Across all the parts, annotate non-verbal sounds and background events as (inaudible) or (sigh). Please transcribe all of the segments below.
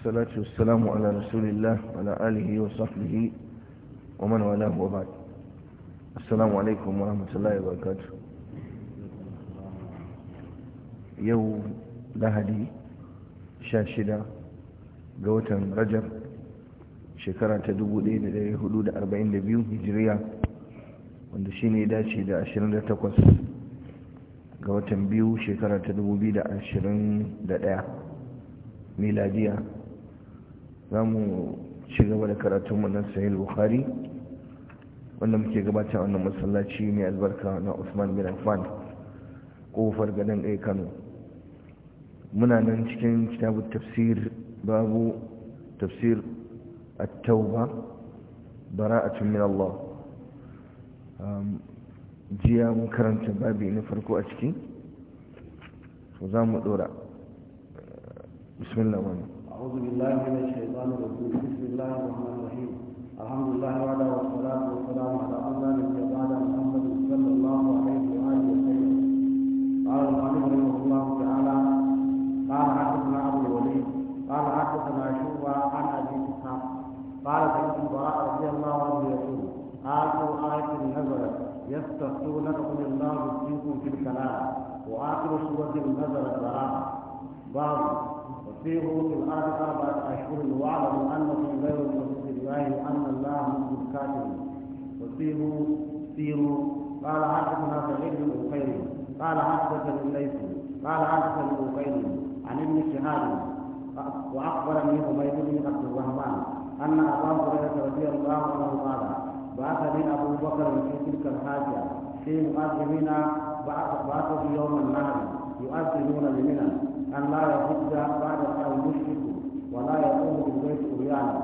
الصلاة والسلام على رسول الله وعلى آله وصحبه ومن والاه وبعد السلام عليكم ورحمة الله وبركاته يو لهدي شاشدة قوة رجب شكرا تدوب لي لدي حدود أربعين لبيو هجرية وندشيني داشي دا عشرين دا تقوس قوة بيو شكرا تدوب لي دا عشرين دا, دا. za mu ci gaba da karatun na sahih bukhari wanda muke gabata a wannan masallaci mai albarka na usman bin affan kofar gadon ɗaya kano muna nan cikin kitabu tafsir babu tafsir at-tauba bara'atun min Allah jiya mun karanta babi na farko a ciki za mu ɗora bismillah wani أعوذ بالله من الشيطان الرجيم بسم الله الرحمن الرحيم الحمد لله وعلى والصلاة والسلام على أفضل النبي بعد محمد صلى الله عليه وآله وسلم قال المؤلف رحمه الله تعالى قال حدثنا أبو الوليد قال حدثنا شوبة عن أبي إسحاق قال سمعت البراء رضي الله عنه يقول آخر آية نزلت يستفتونك قل الله يفتيكم في الكلام وآخر سورة نزلت براءة باب سيروا في الأرض أربعة أشهر واعلموا أنكم غير مخلص الله وأن الله مخلص الكافرين وسيروا سيروا قال حدثنا سعيد بن بخير قال حدثنا الليث قال بن بخير عن ابن شهاب وأخبرني عبيد بن عبد الرحمن أن أبا هريرة رضي الله عنه قال بعث لي أبو بكر في تلك الحاجة في بعث بعثه يوم النهر يؤذنون لمنى أن لا يحج بعد أو يشرك ولا يقوم بالبيت عريانا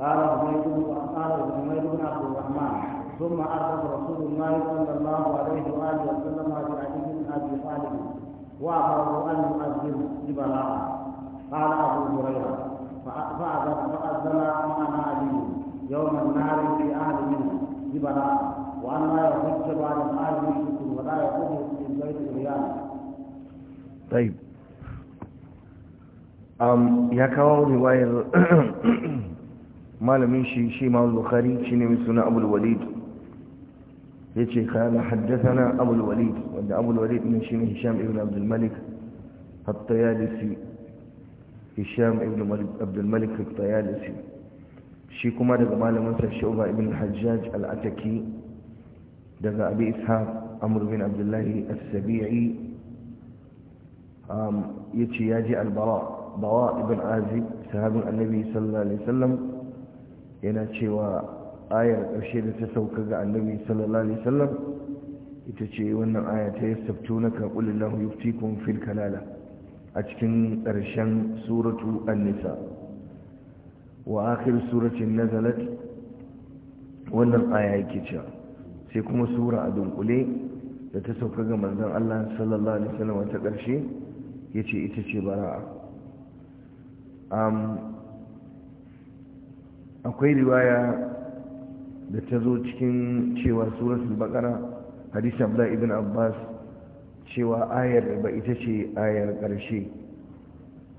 قال حميد قال حميد بن عبد الرحمن ثم أرسل رسول الله صلى الله عليه وآله وسلم بعدي بن أبي طالب وأمره أن يؤذن ببلاغة قال أبو هريرة فأذن فأذن معنا علي يوم النار في أهل منه ببلاغة وأن لا يحج بعد الآل مشرك ولا يقوم بالبيت عريانا طيب أم يكاو رواية مالمين شي شي مال البخاري شي نمسنا أبو الوليد يتي قال حدثنا أبو الوليد وأن أبو الوليد من شيء هشام ابن عبد الملك الطيالسي هشام ابن عبد الملك الطيالسي shi kuma daga malaminsa shuba ibn hajjaj al'ataki daga abi ishaq amr bin abdullahi as-sabi'i ce ya ji albara bawa ibn azib sahabin annabi sallallahu alaihi wasallam yana cewa ayar ƙarshe da ta sauka ga annabi sallallahu alaihi wasallam ita ce wannan aya ta yastabtunaka qul illahu yuftikum fil kalala a cikin ƙarshen suratu an-nisa wa akhir suratin nazalat wannan aya yake cewa sai kuma sura a dunkule da ta sauka ga manzon Allah sallallahu alaihi ta ƙarshe ya ce ita ce bara'a akwai riwaya da ta zo cikin cewa suratul baqara hadisi abdullahi ibn abbas cewa ayar ba ita ce ayar ƙarshe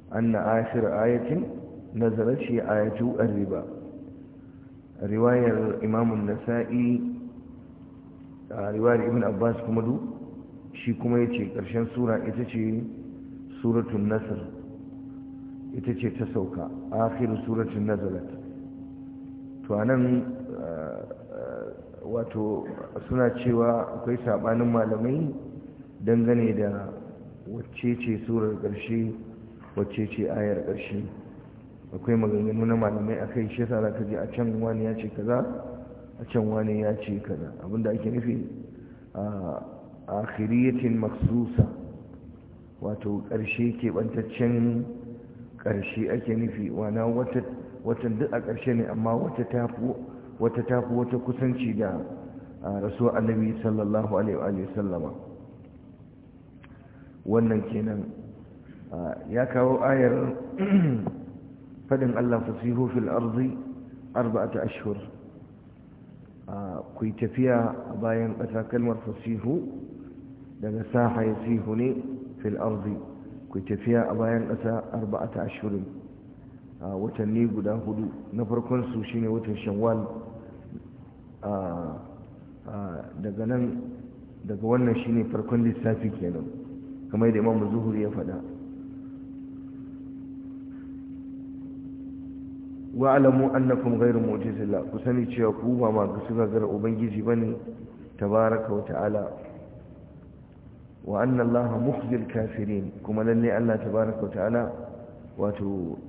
anna akhir ayatin nazarar shi ayatu ar-riba riwayar imam an-nasa'i riwayar ibn abbas kuma du shi kuma yace ƙarshen sura ita ce suratun nasr ita ce ta sauka akhiru suratun nazalat to nan, eh, wato suna cewa akwai sabanin malamai dangane da wacce ce surar ƙarshe wacce ce ayar ƙarshe akwai maganganu na malamai a kai shi za ka ji a can wani ya ce kaza a can wani ya ce kaza abinda ake nufi a ah, akhiriyatin maksusa wato ƙarshe keɓantaccen ƙarshe ake nufi wana wata duk a ƙarshe ne amma wata tafi wata kusanci da rasuwa annabi sallallahu alaihi wa wannan kenan ya kawo ayar (clears throat) faɗin Allah fasihu fil arzi arba'ata ashhur ku tafiya a bayan ƙasa kalmar fasihu daga saha ya ne fil ardi ku tafiya a bayan ƙasa arba'ata ashirin a watanni guda hudu na farkon su shine watan shawwal daga nan daga wannan shine farkon lissafi kenan kamar da imamu zuhuri ya faɗa alamu annakum ghayru mu'jizillah ku sani cewa ku ba ma su gagara ubangiji bane tabaraka wa ta'ala wa anna mukhzil kafirin kuma lalle Allah tabaaraka ta'ala wato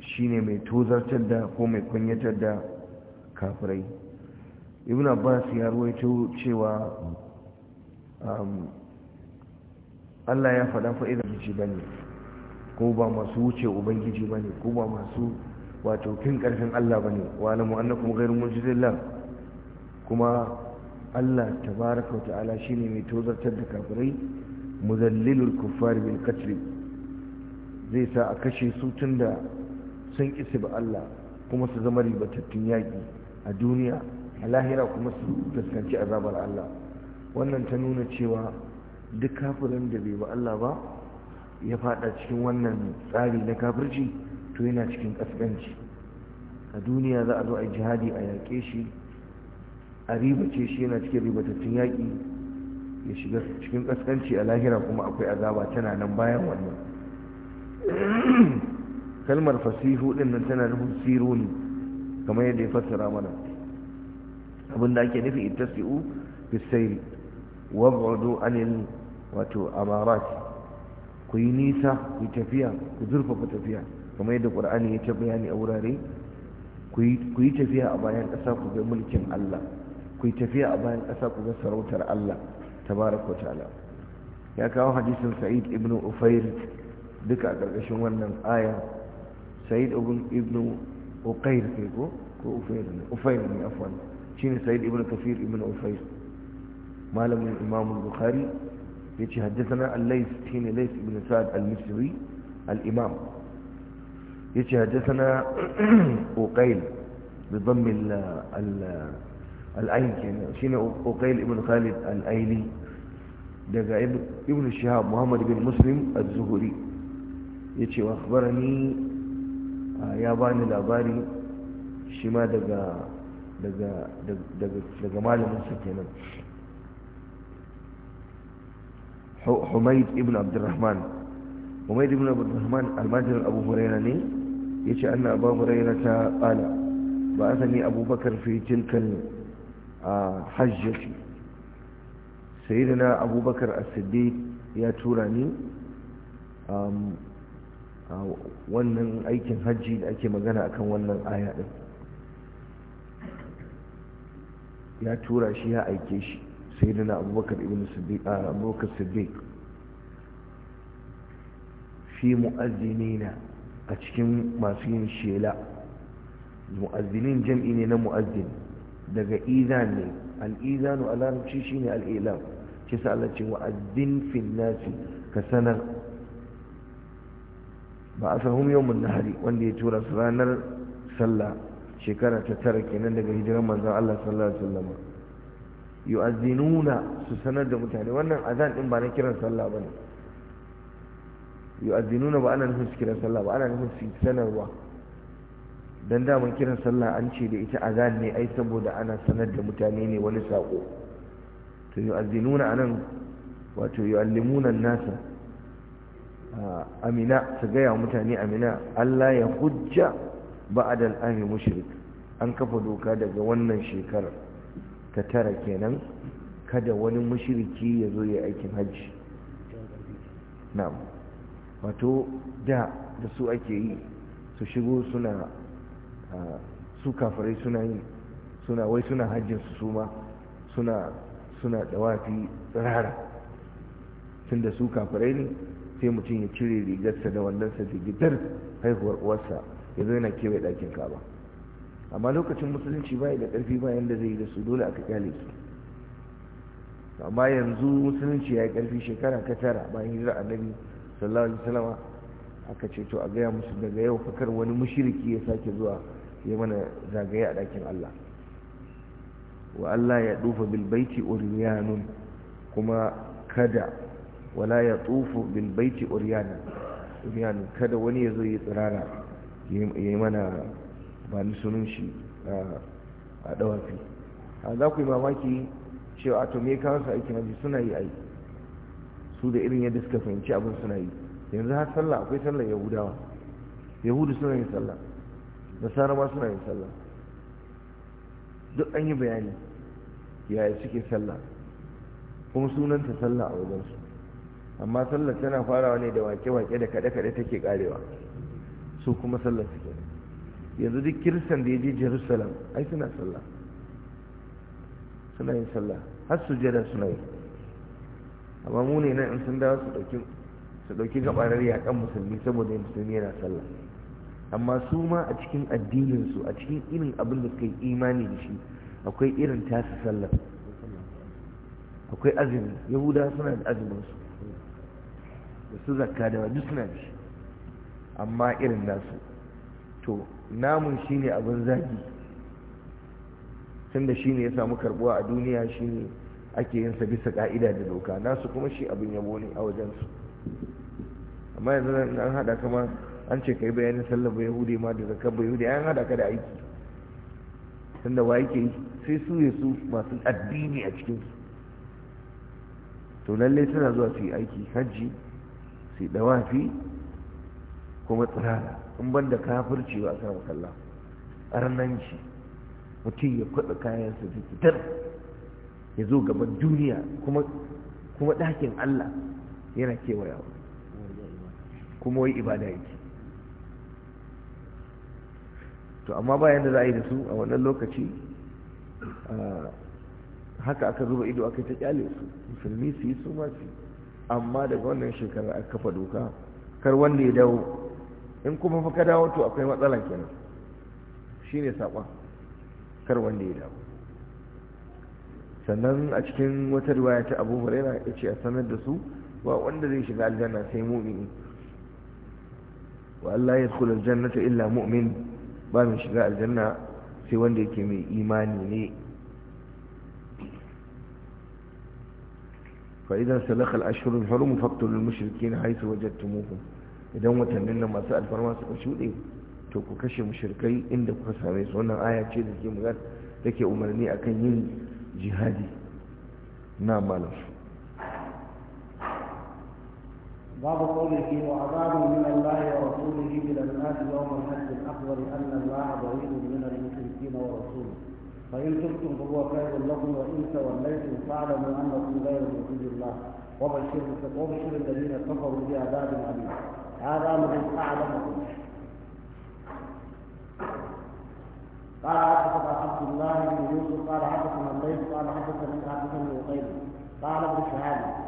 shine mai tozartar da ko mai kunyatar da kafirai ibn abbas ya ruwaito cewa Allah ya faɗa fa'idar jiji ba ne ko ba masu wuce ubangiji bane ko ba masu wato kin ƙarfin Allah ba ne wa alamu annakum ghairu mujizillah kuma Allah tabaraka wa ta'ala shine mai tozartar da kafirai muzallilul kuffar bil qatl zai sa a kashe su tunda sun isa ba Allah kuma su zama ribatattun yaƙi a duniya a lahira kuma su fuskanci azabar Allah wannan ta nuna cewa duk kafirin da bai ba Allah ba ya fada cikin wannan tsari na kafirci to yana cikin kaskanci a duniya za a zo a jihadi a yaƙe shi a ce shi yana cikin ribatattun yaƙi ya shiga cikin ƙasƙanci a lahira kuma akwai azaba tana nan bayan wannan (clears throat) kalmar fasihu ɗin nan tana nufin siru ne kamar yadda ya fassara mana abin da ake nufi ittasi'u bisail wab'udu anil wato amarat ku yi nisa ku tafiya ku zurfafa tafiya kamar yadda ƙwar'ani ya ta bayani a wurare ku yi tafiya a bayan ƙasa ku ga mulkin Allah ku yi tafiya a bayan ƙasa ku ga sarautar Allah tabaraka ta'ala ya kawo hadisin sa'id ibn ufair duka a ƙarƙashin wannan aya sa'id ibn uqair kai ko ko ufair ne ufair ne afwan shine sa'id ibn kafir ibn ufair malamin imam bukhari yace haddathana al-lays shine lays ibn sa'd al-misri al-imam yace haddathana uqail bi dhamm al al'ain kenan shine uqayl ibn khalid al'aili daga ibn shihab muhammad bin muslim az-zuhri yace wa akhbarani ya bani labari shi daga daga malamin sa kenan Humayd ibn Abdurrahman Humayd ibn Abdurrahman almajirin Abu Huraira ne yace anna Abu ta qala ba asani Abu Bakar fi tilkal hajjati na abubakar as ya tura ni um, wannan aikin hajji da ake magana akan wannan ayyadin ya tura shi ya aike shi sai na abubakar ibn siddiq abubakar siddiq fi mu'azzinina a cikin masu yin shela mu'azzinin jam'i ne na mu'azzini daga izan ne al'izanu a larabci shi ne al'ilam shi sa Allah ce wa'addin ka sanar ba a sahun yau mun nahari wanda ya tura su ranar sallah shekara ta tara kenan daga hijiran manzan Allah sallallahu alaihi wasallam yu'azzinuna su sanar da mutane wannan azan din ba na kiran sallah bane yu'azzinuna ba ana nufin kiran sallah ba ana nufin sanarwa don damar kiran sallah an ce da ita azan ne ai saboda ana sanar da mutane ne wani saƙo. to a anan wato yu'allimuna nasa ah, amina su gaya mutane amina Allah ya hujja a dal'ami mushrik an kafa doka daga wannan shekarar ta tara kenan kada wani mushriki ya zo ya aikin hajji na wato da da su ake yi su shigo suna su kafirai suna yi suna wai suna hajjin su suma suna suna dawafi rara tunda su kafirai ne sai mutum ya cire rigarsa da wannan sa gidar haihuwar uwarsa ya zo yana kewaye ɗakin kaba amma lokacin musulunci bai da ƙarfi ba yanda zai yi da su dole aka kyale su amma yanzu musulunci ya yi ƙarfi shekara ka tara bayan hira annabi sallallahu alaihi wasallam aka ce to a gaya musu daga yau fakar wani mushriki ya sake zuwa ya mana zagaye a ɗakin Allah wa Allah ya dufa bilbaiti uriyanun kuma kada wala ya tufu bilbaiti uriyanun kada wani ya zo yi tsirara ya yi mana ba ni shi a ɗawafi a za ku yi mamaki cewa to me kawo aiki aikin suna yi ai su da irin yadda suka fahimci abin suna yi yanzu har sallah akwai sallah yahudawa yahudu suna yin sallah nasara ma suna yin sallah duk an yi bayani ya'yi suke sallah kuma sunanta sallah a wajensu amma sallah tana farawa ne da wake-wake da kaɗe-kaɗe take karewa su kuma sallah suke yanzu duk kirsan da ya je jerusalem ai suna sallah suna yin sallah har su jera suna yi amma mu ne nan in sun dawo su ɗauki gabarar yaƙan musulmi saboda musulmi yana sallah amma su ma a cikin addininsu a cikin irin abin da suka yi imani da shi akwai irin tasu sallar akwai azumi yahuda suna da azuminsu da su zakka da duk suna da shi amma irin nasu to namun shi ne abin zagi tun da shi ne ya samu karbuwa a duniya shi ne ake yin sa bisa ka'ida da doka nasu kuma shi abin yabo ne a wajensu amma yanzu an haɗa kama an ce kai bayanin sallar ba yahudi ma da zakar ba yahudi an hada ka da aiki tunda wa yake sai su ya su masu addini a cikin su to lallai suna zuwa su yi aiki hajji su yi dawafi kuma tsirara in ban da kafirci ba a sa makalla arnanci mutum ya kwaɗa kayan su fitar ya zo gaban duniya kuma ɗakin Allah yana kewayawa kuma wai ibada yake to amma bayan da za a yi da su a wannan lokaci haka aka zuba ido aka ta kyale su musulmi su yi su masu amma daga wannan shekarar aka kafa doka kar wanda ya dawo in kuma fa ka dawo to akwai matsala kenan shi ne saƙon kar wanda ya dawo sannan a cikin wata riwaya ta abu huraira ya ce a sanar da su ba wanda zai shiga aljanna sai mu'mini wa Allah ya kula aljannata illa mu'min ba mai shiga aljanna sai wanda yake mai imani ne fa idan ashirin al-ashhur al-hurum faqtul mushrikin haythu wajadtumuhum idan watannin nan masu alfarma suka shuɗe to ku kashe mushrikai inda kuka same su wannan aya ce da ke magana take umarni akan yin jihadi na malam باب قوله وعذاب من الله ورسوله الى الناس يوم الحج الاكبر ان الله بعيد من المشركين ورسوله فان تبتم فهو خير لكم وان توليتم فاعلموا انكم غير معجز الله وبشر وبشر الذين كفروا بعذاب عليم هذا من اعلمكم قال حدثنا عبد الله بن يوسف قال حدثنا الليث قال عبد الله بن قال ابن شهاده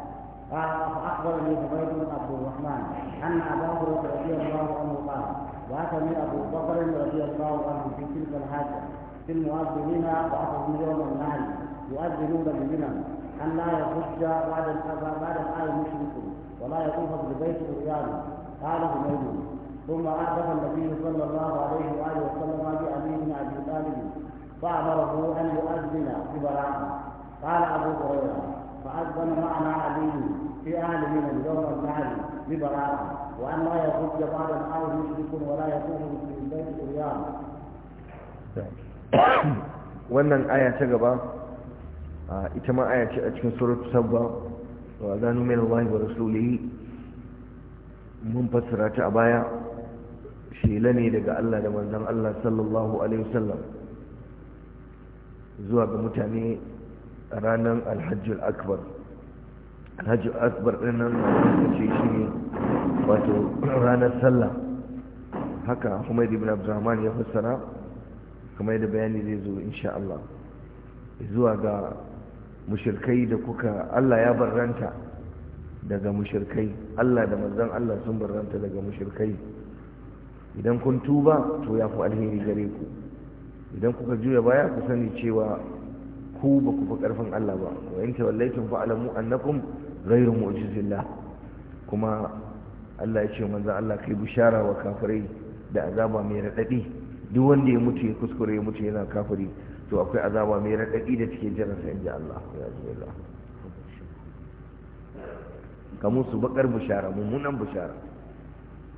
قال فأخبرني عبيد بن عبد الرحمن أن أبا هريرة رضي الله عنه قال وأتني أبو بكر رضي الله عنه في تلك الحاجة في المؤذنين وأخذهم يوم النهي يؤذنون بمنى أن لا يخش بعد الأذى بعد الآن مشرك ولا يطوف بالبيت الرجال قال حميد ثم أردف النبي صلى الله عليه وآله وسلم بأبي بن أبي طالب فأمره أن يؤذن ببراءة قال أبو هريرة فأذن معنا علي في لا الحال ولا يكون في البيت wannan aya ta gaba ita ma aya ce a cikin suratul sabba wa zanu min Allah wa rasulihi mun fassara ta a baya shela ne daga Allah da manzon Allah sallallahu alaihi wasallam zuwa ga mutane ranar alhajjul akbar hajji asbar ɗin nan ce shi ne wato ranar sallah haka kuma ibn abdurrahman ya fassara kuma da bayani zai zo insha Allah zuwa ga mushirkai da kuka Allah ya barranta daga mushirkai Allah da manzon Allah sun barranta daga mushirkai idan kun tuba to ya fi alheri gare ku idan kuka juya baya ku sani cewa ku ba ku fi karfin Allah ba wa in tawallaytum mu annakum ghayru mu'jizillah kuma Allah ya ce manzo Allah kai bishara wa kafirai da azaba mai radadi duk wanda ya mutu ya kuskure ya mutu yana kafiri to akwai azaba mai radadi da cikin jiran sa inji Allah ya zuwa kamu su bakar bishara mummunan bishara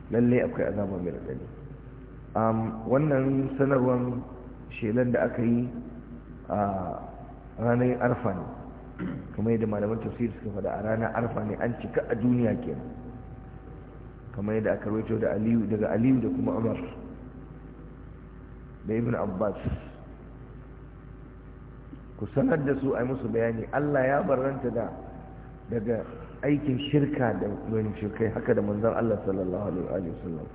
lalle akwai azaba mai radadi wannan sanarwar shelan da aka yi a ah, ranar arfa ne kamar yadda malaman tafsir suka faɗa a ranar arfa ne an cika a duniya kenan kamar yadda aka rawaito da aliyu daga aliyu da kuma umar da ibn abbas ku sanar da su a yi musu bayani allah ya barranta da daga aikin shirka da wani shirkai haka da manzan allah sallallahu alaihi wasallam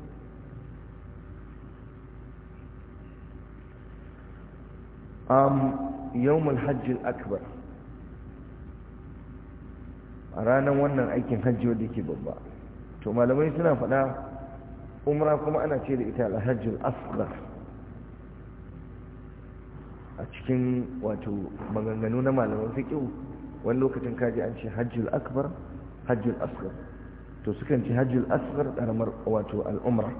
um, yawmul hajjil akbar a ranar wannan aikin hajji wadda ke babba to malamai suna faɗa umra kuma ana ce da ita alhajjul asghar a cikin wato maganganu na malaman fiqh wani lokacin kaji an ce hajjul akbar hajjul asghar to sukan ce hajjul asghar wato al'umra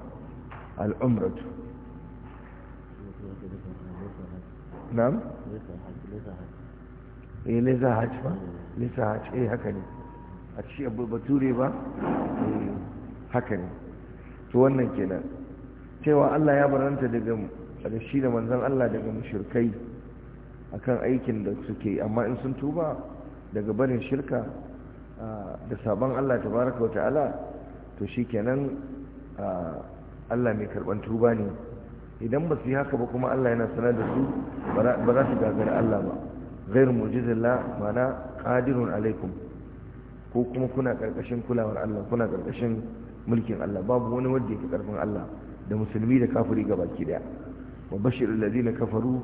nam? eh leza hajj ba leza hajj eh haka ne a ci abu bature ba eh, haka ne to wannan kenan cewa Allah ya baranta daga da shi da manzon Allah daga mushirkai akan aikin da suke amma in sun tuba daga barin shirka ah, da sabon Allah tabaraka wa ta'ala to kenan ah, Allah mai karban tuba ne idan ba su yi haka ba kuma Allah yana sanar da su ba za su Allah ba غير معجز الله معنى قادر عليكم ko kuma kuna ƙarƙashin kulawar Allah kuna ƙarƙashin mulkin Allah babu wani wanda yake ƙarfin Allah da musulmi da kafiri baki daya wa bashirul ladina kafaru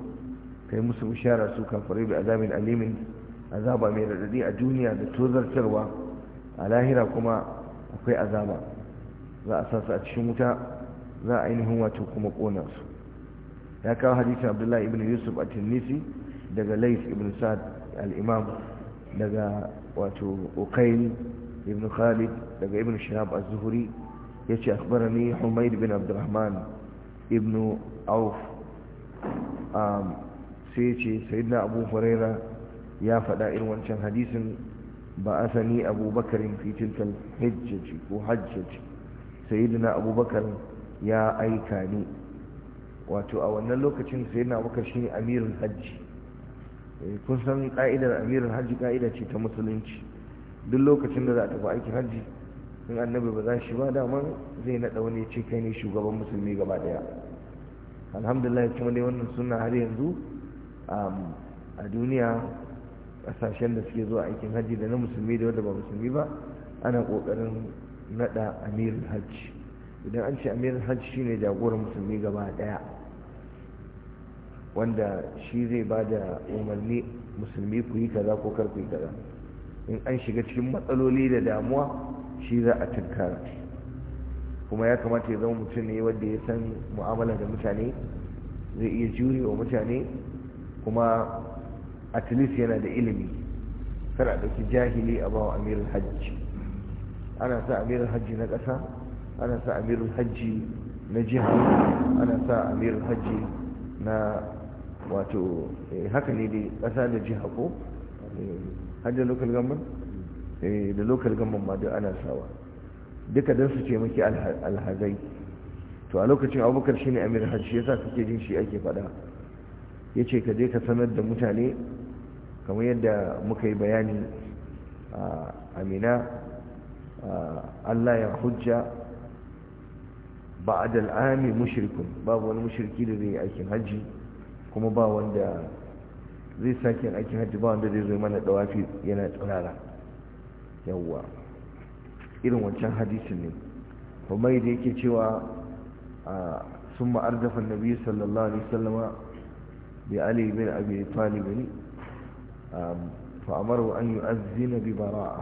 kai musu bishara su kafirai bi azabin alimin azaba mai raɗaɗi a duniya da tozartarwa a lahira kuma akwai azaba za a sa su a cikin wuta za a ainihin wato kuma kona su ya kawo hadisin abdullahi ibn yusuf a tunisi daga lais ibn sa'ad al-imam daga wato ukain ibn khalid daga ibn shihab az ya yace akhbarani humaid bin abdulrahman ibn auf sai yace sayyidina abu huraira ya faɗa irin wancan hadisin ba asani abubakarin fi tilkal hajjaji ko hajjaji sayyidina abubakar ya aika ni wato a wannan lokacin sai na baka shi ne amirin hajji eh, kun san ka'idar amirin hajji ka'ida ce ta musulunci duk lokacin da za a tafi aikin hajji in annabi ba za shi ba daman zai naɗa wani ce kai ne shugaban musulmi gaba ɗaya alhamdulillah kuma dai wannan suna har yanzu um, a duniya ƙasashen da suke zuwa aikin hajji da na musulmi da wanda ba musulmi ba ana ƙoƙarin naɗa amirin hajji idan an ce amirin hajji shine jagoran musulmi gaba ɗaya wanda shi zai ba da umarni musulmi ku yi kaza ko kar ku yi kaza in an shiga cikin matsaloli da damuwa shi za a tunkara kuma ya kamata ya zama mutum ne wanda ya san mu'amala da mutane zai iya jure wa mutane kuma at least yana da ilimi kar a ɗauki jahili a bawa amirul hajji ana sa amirul hajji na ƙasa ana sa amirul hajji na jiha ana sa amirul hajji na wato eh, haka ne dai ƙasa da jiha ko eh, har da local government eh, da local government ma duk ana sawa duka don su ce maki alhazai to a lokacin abubakar shi ne amir hajji ya sa kake jin shi ake faɗa ya ce ka je ka sanar da mutane kamar yadda muka yi bayani a amina allah ya hujja a dal'ami mushirkun babu wani mushirki da zai yi aikin hajji kuma ba wanda zai sake aikin hajji ba wanda zai zo mana ɗawafi yana tsirara yawwa irin wancan hadisin ne kuma da yake cewa ah, sun dafa nabi sallallahu alaihi sallama, bi ali bin abi talib ne fa amaru an yu'azzina bi bara'a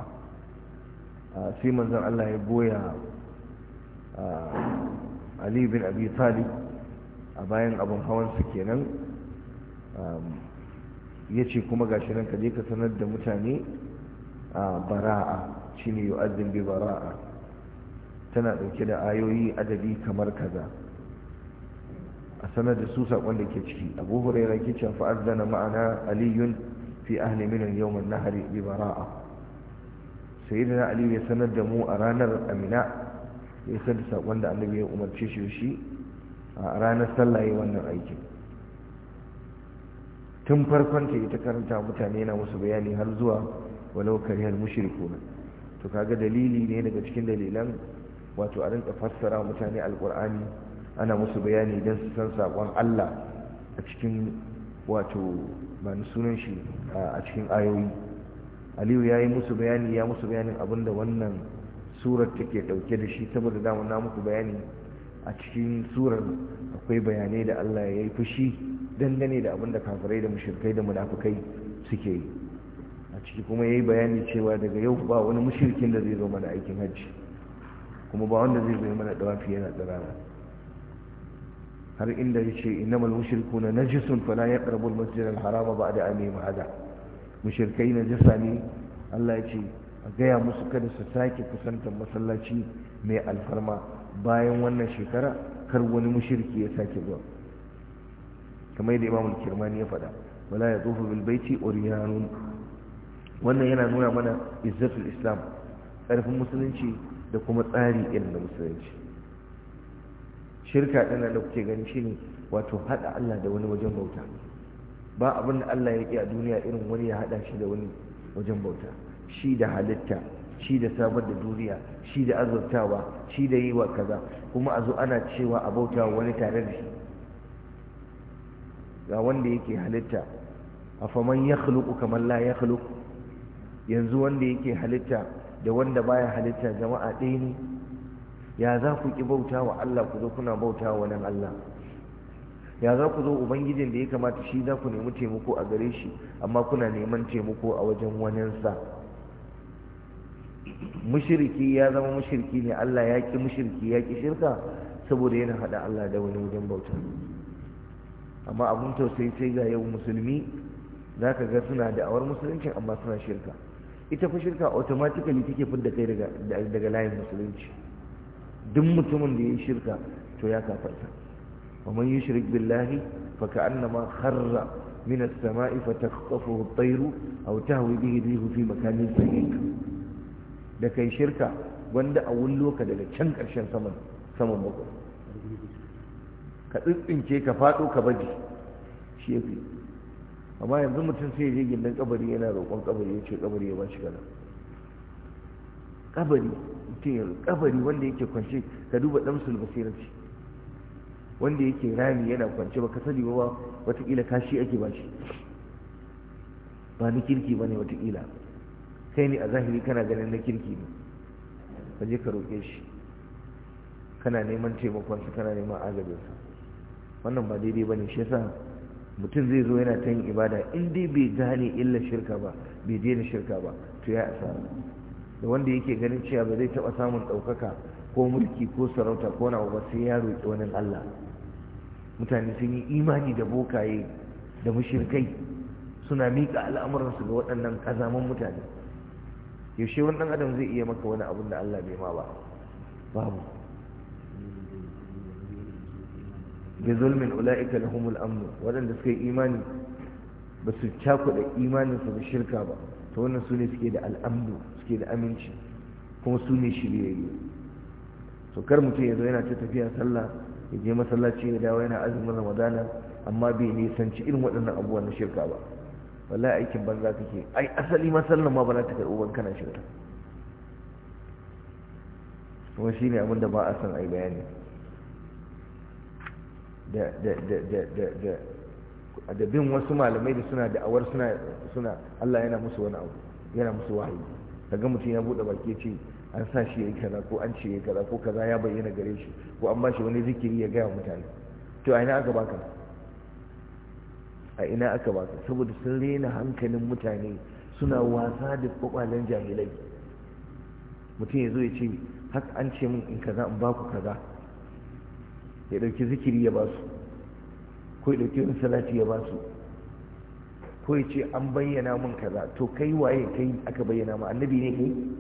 ah, sai manzon Allah ya boya ah, ali bin abi talib a bayan abin hawan su kenan Um, ya ce kuma gashi nan ka je ka sanar da mutane a bara'a shi ne yu'azzin bi bara'a tana dauke da ayoyi adadi kamar kaza a sanar da su saƙon da ke ciki abu huraira ke cewa ma'ana aliyun fi ahli minan na nahari bi bara'a sayyidina aliyu ya sanar da mu a ranar amina ya sanar da saƙon da annabi ya umarce shi shi a ranar sallah wannan aikin tun farkon ta ita karanta mutane na musu bayani har zuwa walau karihar na to kaga dalili ne daga cikin dalilan wato a rinka fassara mutane alkur'ani ana musu bayani don su san sakon Allah a cikin wato ba ni sunan shi a cikin ayoyi aliyu ya yi musu bayani ya musu bayanin abinda wannan surar take ɗauke da shi saboda dama na muku bayani a cikin surar akwai bayanai da Allah ya yi fushi dangane da abin da kafirai da mushrikai da munafukai suke yi a ciki kuma ya yi bayani cewa daga yau ba wani mushirkin da zai zo mana aikin hajji kuma ba wanda zai zo mana dawafi yana tsirara har inda ya ce innamal na najisun fala yaqrabu al-masjid al-harama ba'da amihim hada mushrikai najasa ne Allah ya ce a gaya musu kada su sake kusantar masallaci mai alfarma bayan wannan shekara kar wani mushirki ya sake zuwa kamar yadda imamul kirmani ya faɗa wala ya tsofa bil baiti oriyanun wannan yana nuna mana izzatul islam ƙarfin musulunci da kuma tsari irin da musulunci shirka ɗana da kuke gani shine wato haɗa Allah da wani wajen bauta ba abin da Allah ya ƙi a duniya irin wani ya haɗa shi da wani wajen bauta shi da halitta shi da samar da duniya shi da azurtawa shi da yi wa kaza kuma a zo ana cewa a bauta wani tare da shi ga wanda yake halitta a faman ya khuluku kamar la ya khuluku yanzu wanda yake halitta da wanda baya halitta jama'a ɗaya ne ya za ku ki bauta wa Allah ku zo kuna bauta wa nan Allah ya za ku zo ubangijin da ya kamata shi za ku nemi taimako a gare shi amma kuna neman taimako a wajen waninsa mushirki ya zama mushirki ne Allah ya ki mushirki ya ki shirka saboda yana hada Allah da wani wajen bauta amma abun tausayi sai ga yau musulmi za ka ga suna da'awar musulunci amma suna shirka ita fa shirka automatically take fidda kai daga daga layin musulunci duk mutumin da ya yi shirka to ya kafarta wa man yushrik billahi fa ka'annama kharra min as-sama'i fa takhtafuhu at-tayru aw tahwi bihi rihu fi makanin sayyi da kai shirka wanda a wullo ka daga can ƙarshen saman saman mako ka tsintsince ka faɗo ka baje shi ya fi amma yanzu mutum sai je gindin kabari yana roƙon kabari ya ce kabari ya ba shi kaza kabari mutum kabari wanda yake kwance ka duba damsul basirati wanda yake rami yana kwance baka sani ba watakila kashi ake ba shi ba ni kirki ba ne watakila kai ne a zahiri kana ganin na kirki ne ka je ka roƙe shi kana neman taimakon shi kana neman sa wannan ba daidai ba ne shi yasa mutum zai zo yana ta yin ibada in dai bai gane illa shirka ba bai daina shirka ba to ya asara da wanda yake ganin cewa ba zai taɓa samun ɗaukaka ko mulki ko sarauta ko nawa ba sai ya roƙi wani Allah mutane sun yi imani da bokaye da mushirkai suna mika al'amuransu ga waɗannan ƙazaman mutane yaushe wani dan adam zai iya maka wani abun da Allah bai ma ba babu bi zulmin ulaika lahumul amn wadanda suka yi imani ba su cakuɗa imanin su da shirka ba to wannan su ne suke da al'amnu suke da aminci kuma su ne shiryayye to kar mutum ya zo yana ta tafiya sallah ya je masallaci ya dawo yana azumin ramadana amma bai nisanci irin waɗannan abubuwan na shirka ba wala aikin banza kake ai asali ma sallan ma bana za ta ban kana shiga kuma shi ne abinda ba a san ai bayani da bin wasu malamai da suna da'awar suna suna Allah yana musu wani abu yana musu wahayi kaga mutum ya buɗe baki ce an sa shi yayi kaza ko an ce yayi kaza ko kaza ya bayyana gare shi ko an ba shi wani zikiri ya gaya mutane to a ina aka baka a ina aka ba su saboda sun rena hankalin mutane suna wasa da kwakwalen jahilai mutum ya zo ya ce haka an ce min in kaza in baku kaza ya ɗauki zikiri ya ba su ko ya ɗauki wani salati ya ba su ko ya ce an bayyana min kaza to kai waye kai aka bayyana ma annabi ne kai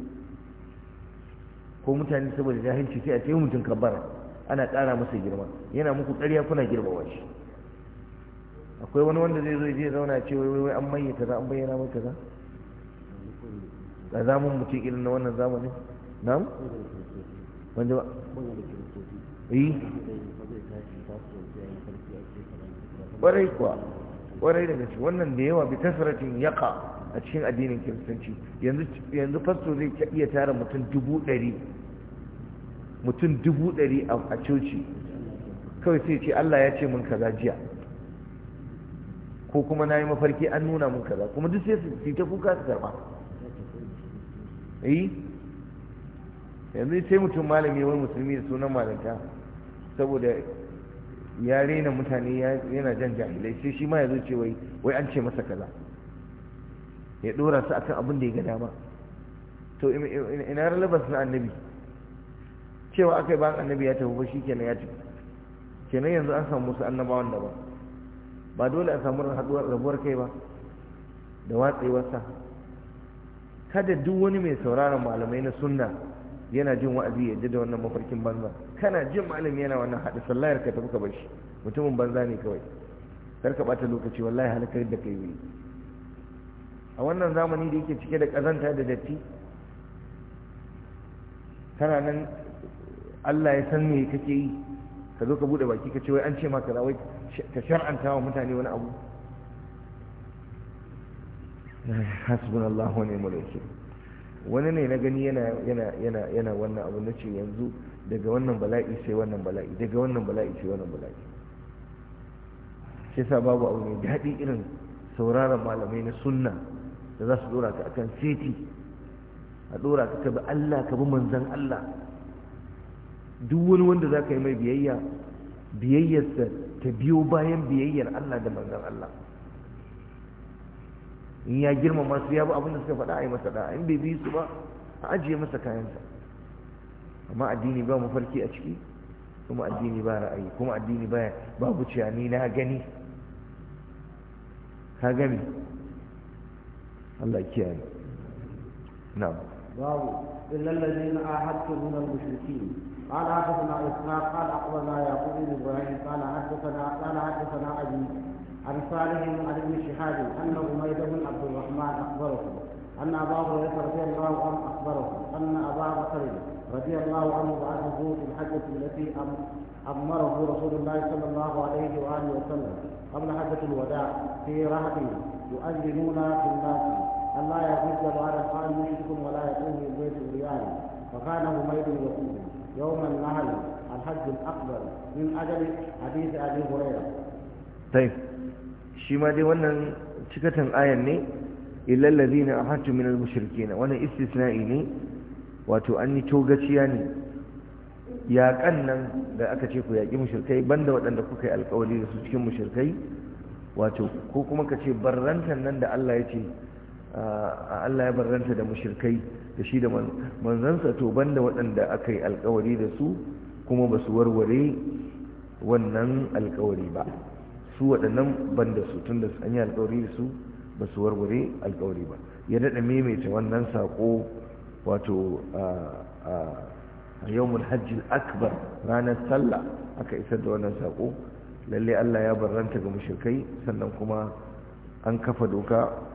ko mutane saboda jahilci sai a ce mutum kabbara ana ƙara masa girma yana muku ƙarya kuna girmama shi akwai wani wanda zai zo ya zauna ce wai wai an mayyata kaza an bayyana mai kaza a zamun mutum irin na wannan zamanin na'am wanda ba yi eh. ƙwarai kuwa ƙwarai da gaske wannan da yawa bi tasiratin yaka a cikin addinin kiristanci yanzu fasto zai iya tara mutum dubu ɗari mutum dubu ɗari a coci kawai sai ce allah ya ce mun kaza jiya ko kuma na yi mafarki an nuna mun kaza kuma duk sai su ta kuka su karba yi eh? yanzu sai mutum malami wani musulmi da sunan malanta saboda ya rena mutane yana jan jahilai sai shi ma ya zo ce wai an ce masa kaza ya dora su akan abin da ya ga dama to ina relevance na annabi cewa aka yi bayan annabi ya tafi ba shi kenan ya ci kenan yanzu an samu musu annabawan ba. ba dole a samu rabuwar kai ba da wasa kada duk wani mai sauraron malamai na sunna yana jin wa'azi ya ji da wannan mafarkin banza kana jin malami yana wannan haɗa sallayar ka tafi ka bar shi mutumin banza ne kawai kar ka bata lokaci wallahi halakar da kai yi a wannan zamani da yake cike da kazanta da datti kana nan Allah ya san me kake yi ka zo ka buɗe baki ka ce wai an ce maka wai ka shar'anta wa mutane wani abu hasbunallahu ne ni'mal wakil wani ne na gani yana yana yana yana wannan abu na ce yanzu daga wannan bala'i sai wannan bala'i daga wannan bala'i sai wannan bala'i sai babu abu mai daɗi irin sauraron malamai na sunna da za su dora ka akan seti a dora ka ka bi Allah ka bi manzon Allah duk wani wanda za ka yi mai biyayya biyayyarsa ta biyo bayan biyayyar Allah da manzon Allah in ya girmama su ya bi abin da suka faɗa a yi masa da'a in bai bi su ba a ajiye masa kayansa amma addini ba mafarki a ciki kuma addini ba ra'ayi kuma addini ba babu cewa ni na gani ka gani Allah kiyaye na'am babu illal ladina ahadtu min al-mushrikeen قال حدثنا اسحاق قال اخبرنا يعقوب بن ابراهيم قال حدثنا قال حدثنا ابي عن صالح عن ابن شهاب ان اميد بن عبد الرحمن اخبره ان ابا هريره رضي الله عنه اخبره ان ابا بكر رضي الله عنه بعثه في الحجه التي امره رسول الله صلى الله عليه واله وسلم قبل حجه الوداع في رهب يؤذنون في الناس ان لا يغز بعد قال مشركم ولا يكون في البيت الريان فكان هميد يقول يوم النهر الحج الأكبر من أجل حديث أبي هريرة طيب شما دي wannan cikatan آية ني إلا الذين ahadtu من المشركين وانا استثنائي ني ne wato an yi togaciya ne nan da aka ce ku yaƙi mushrikai banda waɗanda kuka yi alƙawari da su cikin mushrikai wato ko kuma ka ce barrantan nan da Allah ya ce Allah ya barranta da mushirkai da shi da manzansa to banda waɗanda aka yi alkawari da su kuma ba su warware wannan alkawari ba su waɗannan banda su tun da an yi alkawari da su ba su warware alkawari ba ya daɗa maimaita wannan saƙo wato a yawon hajji akbar ranar sallah aka isar da wannan saƙo lalle Allah ya barranta ga mushirkai sannan kuma an kafa doka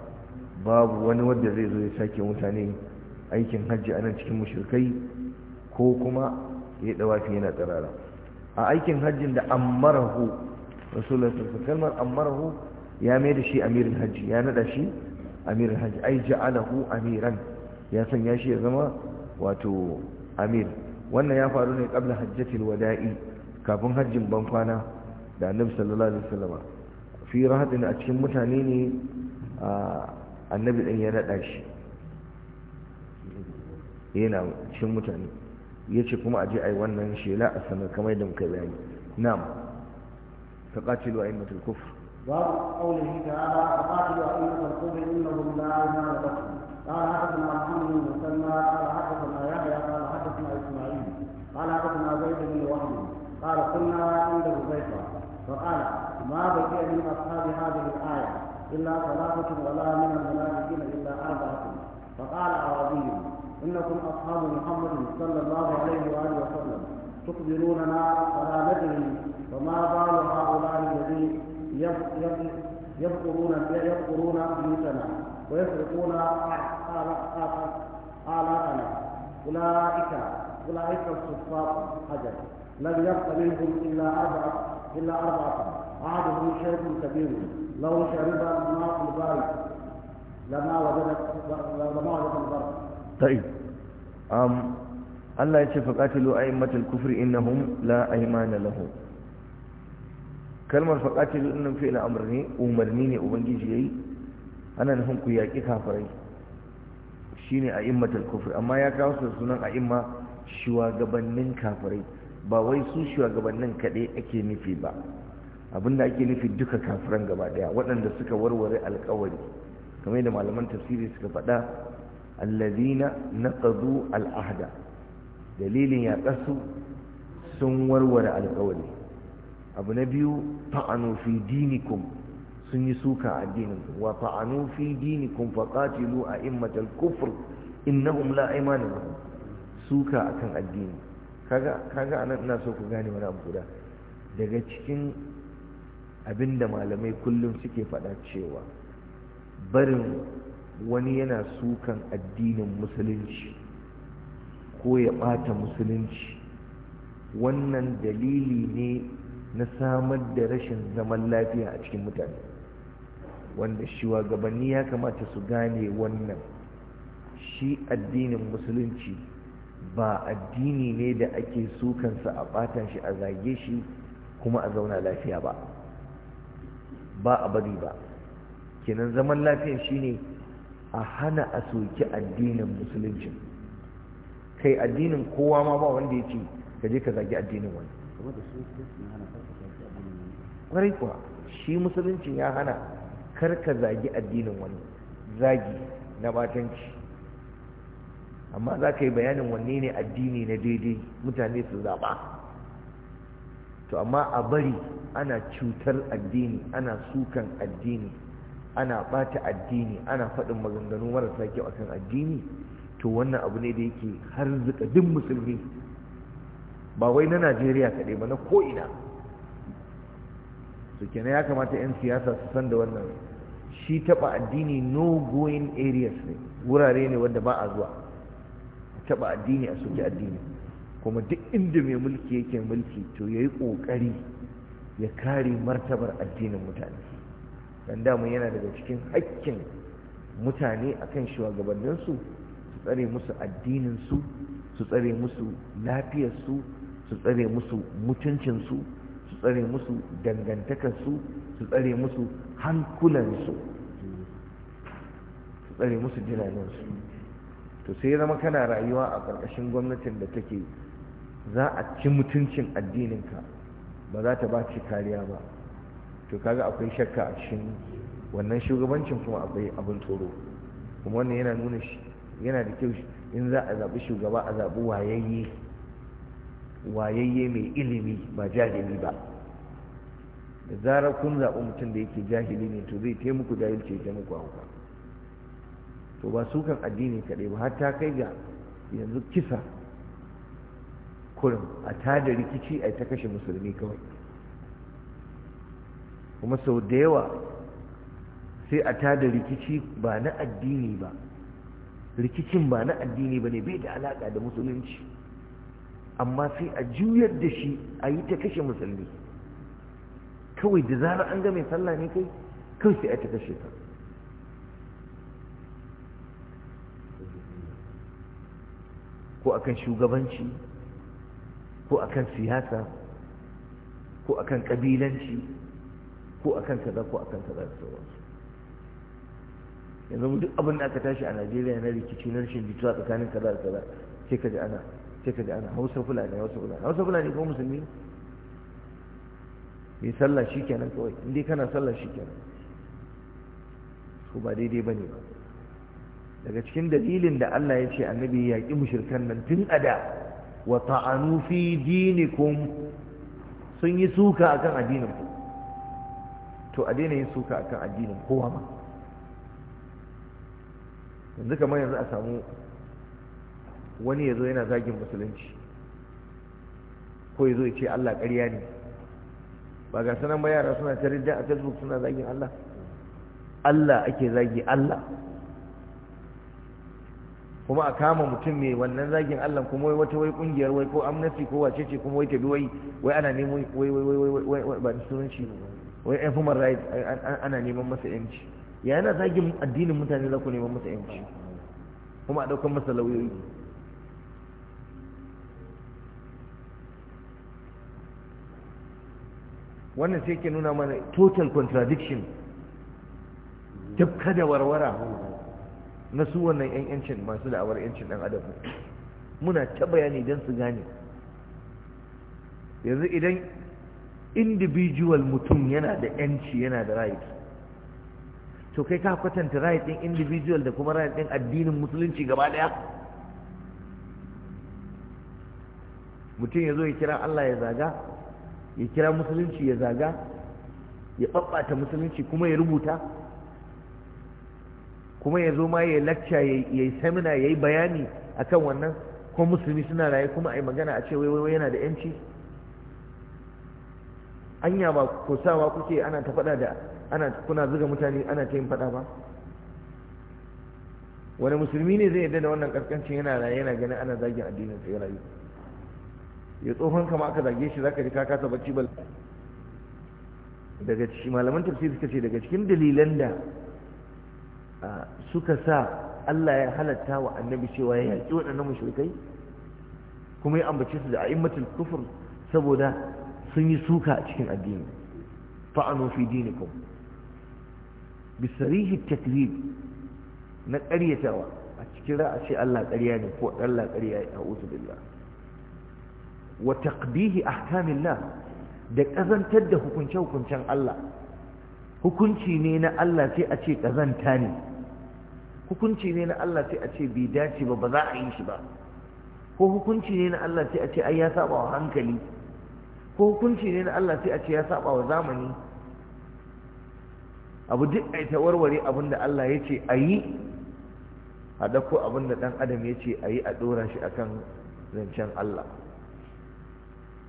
babu wani wadda zai zo ya sake mutane aikin hajji a nan cikin mushrikai ko kuma ya dawafi yana tsirara a aikin hajjin da ammarahu rasulullah sallallahu kalmar ammarahu ya mai da shi amirin hajji ya naɗa shi amirin hajji ai ja'alahu amiran ya sanya shi ya zama wato amir wannan ya faru ne qabla hajjatil wada'i kafin hajjin ban kwana da annabi sallallahu alaihi wasallam fi rahatin a cikin mutane ne a annabi ɗin ya naɗa shi yana cin mutane ya ce kuma aje a yi wannan shela a sanar kamar da muka bayani na'am haka a'immatul kufr babu qawlihi ta'ala faqatilu a'immatul kufr innahum ta ya'lamun a قال حدثنا محمد بن مسلمة قال حدثنا يحيى قال حدثنا اسماعيل قال حدثنا زيد بن وهب قال كنا Ba حذيفة فقال ما بقي إلا ثلاثة ولا من المنافقين إلا أربعة فقال أعرابي إنكم أصحاب محمد صلى الله عليه وآله وسلم تخبروننا ندري فما بال هؤلاء الذين يذكرون يذكرون بيوتنا ويسرقون آلاتنا أولئك أولئك الصفات حجر لم يبق منهم إلا أربعة إلا أربعة أحدهم شيخ كبير لو شرب الماء البارد لما وجدت لما وجدت البرد طيب أم Allah ya ce faƙatilu a'immatul kufri innahum la aymana lahu kalmar faƙatilu innan fi'il amr ne ne ubangiji yayi ana nufin ku yaƙi kafirai shine a'immatul kufri amma ya kawo su sunan a'imma shugabannin kafirai ba wai su shugabannin kaɗai ake nufi ba abinda ake nufi duka kafiran gaba daya waɗanda suka warware alkawari kamar da malaman tafsiri suka faɗa allazina naqadu al'ahda dalilin ya kasu sun warware alkawari abu na biyu ta'anu fi dinikum sun yi suka addinin wa ta'anu fi dinikum faqatilu a'immatal kufr innahum la imana lahum suka akan addini kaga kaga anan ina so ku gane wani abu guda daga cikin abinda malamai kullum suke faɗa cewa barin wani yana sukan addinin musulunci ko ya ɓata musulunci wannan dalili ne na samar da rashin zaman lafiya a cikin mutane wanda shugabanni ya kamata su gane wannan shi addinin musulunci ba addini ne da ake sukansa a ɓatan shi a zage shi kuma a zauna lafiya ba ba a bari ba kenan zaman lafiyan shine a hana a soki addinin musulunci kai addinin kowa ma ba wanda ya ce ka je ka zagi addinin wani kwarai kuwa shi musuluncin ya hana kar ka zagi addinin wani zagi na batanci amma za ka yi bayanin wanne ne addini na daidai mutane su zaba to amma a bari ana cutar addini ana sukan addini ana bata addini ana faɗin maganganu marasa kyau akan addini to wannan abu ne da yake har zuka duk musulmi ba wai na najeriya kaɗai ba na ko'ina su kenan ya kamata 'yan siyasa su san da wannan shi taɓa addini no going areas ne wurare ne wanda ba a zuwa taɓa addini a suke addini kuma duk inda mai mulki yake mulki to ya yi ƙoƙari ya kare martabar addinin mutane dan damu yana daga cikin hakkin mutane akan shugabanninsu su tsare musu addininsu su tsare musu lafiyarsu su tsare musu mutuncinsu su tsare musu dangantakarsu su tsare musu hankulansu su tsare musu jinaninsu to sai zama kana rayuwa a ƙarƙashin gwamnatin da take za a ci mutuncin addininka ba za ta ba ci kariya ba to kaga akwai shakka a cikin wannan shugabancin kuma akwai abin tsoro kuma wannan yana nuna shi yana da kyau in za a zaɓi shugaba a zaɓi wayayye wayayye mai ilimi ba jahili ba da zarar kun zaɓi mutum da yake jahili ne to zai taimaku jahilci ya taimaku hauka to ba sukan addini kaɗai ba har ta kai ga yanzu kisa kurin a tada rikici a ta kashe musulmi kawai kuma sau da yawa sai a tada rikici ba na addini ba rikicin ba na addini ba ne bai da alaƙa da musulunci amma sai a juyar da shi a yi ta kashe musulmi kawai da zarar an ga mai sallah ne kai kawai sai a ta kashe ta ko akan shugabanci ko akan siyasa ko akan kabilanci ko akan kaza ko akan kaza da sauransu yanzu duk abin da aka tashi a Najeriya na rikici na rashin jituwa tsakanin kaza da kaza sai ka ji ana sai ka ji ana Hausa Fulani Hausa Fulani Hausa Fulani ko musulmi ne sallah shikenan kenan kawai indai kana sallah shikenan kenan ko ba daidai bane ba daga cikin dalilin da Allah ya ce annabi ya ki mushrikan nan tun a da wa ta'anu fi dinikum sun yi suka akan addinin ku to a daina yin suka akan addinin kowa ma yanzu kamar yanzu a samu wani yazo yana zagin musulunci ko ya zo ya ce Allah ƙarya ne ba ga sanan ba yara suna ta a facebook suna zagin Allah Allah ake zagi Allah kuma a kama mutum ne wannan zagin Allah kuma wai wata wai kungiyar wai ko amnesty ko wace ce kuma wai ta bi wai wai ana neman wai wai wai wai wai ba da sunanci wai ɗan human rights ana neman masa yanci ya yana zagin addinin mutane za ku neman masa yanci kuma a ɗaukar masa lauyoyi wannan sai ke nuna mana total contradiction duk da warwara na su wannan 'yan yancin masu da'awar yancin ɗan adam muna ta bayani don su gane yanzu idan individual mutum yana da yanci yana da right to kai ka kwatanta right ɗin individual da kuma right ɗin addinin musulunci gaba ɗaya mutum ya zo ya kira Allah ya zaga ya kira musulunci ya zaga ya ɓaɓɓata musulunci kuma ya rubuta kuma ya zo ma ya lacca ya yi samina ya yi bayani a kan wannan ko musulmi suna raye kuma a yi magana a ce wai yana da yanci anya ba ku sawa kuke ana ta faɗa da ana kuna zuga mutane ana ta yin faɗa ba wani musulmi ne zai yarda da wannan kaskancin yana raye yana ganin ana zagin addinin sai rayu ya tsohon kama aka zage shi zaka ji ka kasa bacci bal daga malaman tafsir suka ce daga cikin dalilan da suka sa Allah ya halatta wa annabi cewa ya yaƙi waɗannan mushrikai kuma ya ambace su da a'immatul kufr saboda sun yi suka a cikin addini fa'anu fi dinikum bisarihi takrib na ƙaryatawa a cikin ra'a ce Allah ƙarya ne ko Allah ƙarya ya a'udhu billah wa taqbihi ahkamillah da kazantar da hukunce hukuncen Allah hukunci ne na Allah sai a ce kazanta ne hukunci ne na Allah sai a ce bai dace ba ba za a yi shi ba ko hukunci ne na Allah sai a ce ai ya saba wa hankali ko hukunci ne na Allah sai a ce ya saba wa zamani abu duk ai ta warware abin da Allah ya ce a yi a dako abin da ɗan adam ya ce a yi a ɗora shi akan zancen Allah